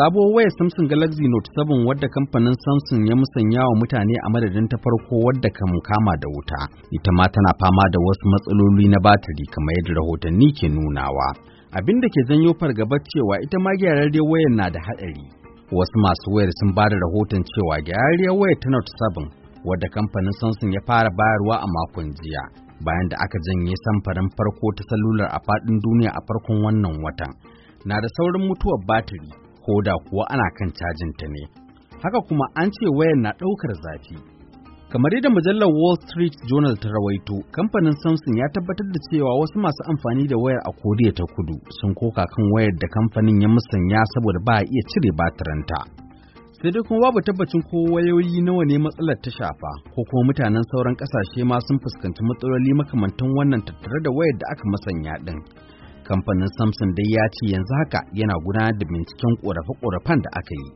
Sabuwar wayar Samsung Galaxy Note 7 wadda kamfanin Samsung ya musanya wa mutane a madadin ta farko wadda ka kama da wuta, ita ma tana fama da wasu matsaloli na batiri kamar yadda rahotanni ke nunawa. Abin da ke janyo fargabar cewa ita ma gyararriyar wayar na da haɗari. Wasu masu wayar sun ba da rahoton cewa gyararriyar wayar ta Note 7 wadda kamfanin Samsung ya fara bayarwa a makon jiya, bayan da aka janye samfarin farko ta salular a faɗin duniya a farkon wannan watan. Na da saurin mutuwar batiri, koda kuwa ana kan cajin ta ne. Haka kuma an ce wayar na ɗaukar zafi. Kamar yadda mujallar Wall Street Journal ta rawaito, kamfanin Samsung ya tabbatar da cewa wasu masu amfani da wayar a Koriya ta Kudu sun koka kan wayar da kamfanin ya musanya saboda ba a iya cire batiranta. sai dai kuma babu tabbacin ko wayoyi nawa ne matsalar ta shafa ko kuma mutanen sauran kasashe ma sun fuskanci matsaloli makamantan wannan tattare da wayar da aka musanya din kamfanin samsung dai ya ce yanzu haka yana gudanar da binciken korafe-korafen da aka yi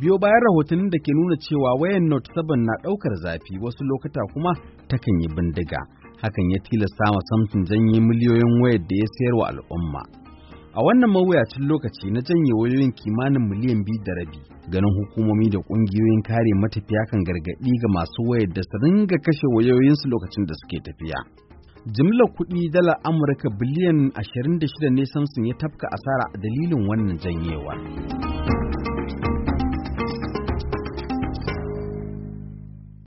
biyo bayan rahotannin da ke nuna cewa wayan note 7 na ɗaukar zafi wasu lokuta kuma takan yi bindiga hakan ya tilasta wa samsung janye miliyoyin wayar da ya sayar wa al'umma a wannan mawuyacin lokaci na janye wayoyin kimanin miliyan biyu da rabi ganin hukumomi da ƙungiyoyin kare matafiya kan gargaɗi ga masu wayar da su ringa kashe wayoyinsu lokacin da suke tafiya Jimlar kuɗi dalar Amurka biliyan 26 ne Samsung ya tafka asara a dalilin wannan janyewa.